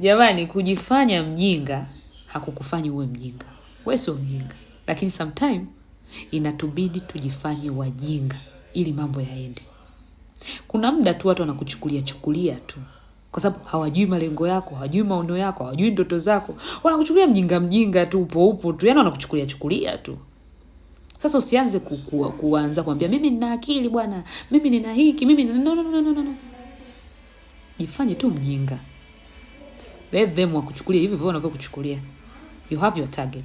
Jamani, kujifanya mjinga hakukufanyi uwe mjinga. Wewe sio mjinga, lakini sometime inatubidi tujifanye wajinga ili mambo yaende. Kuna muda tu watu wanakuchukulia chukulia tu, kwa sababu hawajui malengo yako, hawajui maono yako, hawajui ndoto zako, wanakuchukulia mjinga mjinga tu, upo upo tu, yani wanakuchukulia chukulia tu. Sasa usianze kukua, kuanza kuambia mimi nina akili bwana, mimi nina hiki, mimi nina no, no, no, no, no. Jifanye tu mjinga let them wakuchukulia hivyo hivyo wanavyokuchukulia. You have your target.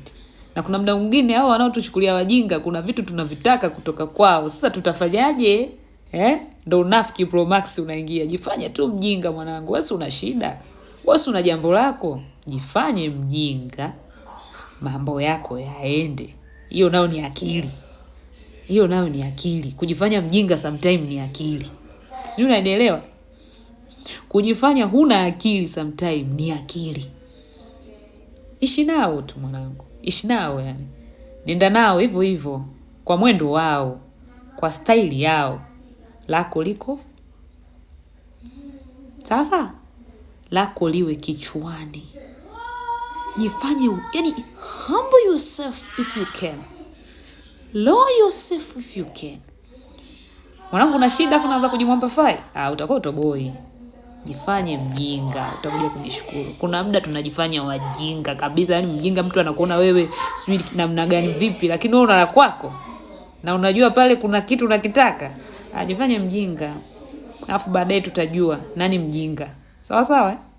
Na kuna mda mwingine hao wanaotuchukulia wajinga, kuna vitu tunavitaka kutoka kwao. Sasa tutafanyaje? Eh? ndo unafiki Pro Max unaingia. Jifanye tu mjinga mwanangu. Wewe una shida. Wewe una jambo lako. Jifanye mjinga. Mambo yako yaende. Hiyo nayo ni akili. Hiyo nayo ni akili. Kujifanya mjinga sometime ni akili. Sijui unaelewa? Kujifanya huna akili sometime ni akili. Ishi nao tu mwanangu, ishi nao yani, nenda nao hivyo hivyo, kwa mwendo wao, kwa staili yao. Lako liko sasa, lako liwe kichwani. Jifanye yani, humble yourself if you can, lower yourself if you can. Mwanangu, una shida afu naanza kujimwamba fai, ah, utakuwa utoboi. Jifanye mjinga, utakuja kunishukuru. Kuna muda tunajifanya wajinga kabisa, yani mjinga, mtu anakuona wewe sijui namna gani vipi, lakini wewe una kwako na unajua pale kuna kitu unakitaka. Ajifanye ah, mjinga, alafu baadaye tutajua nani mjinga. Sawa sawa. Eh?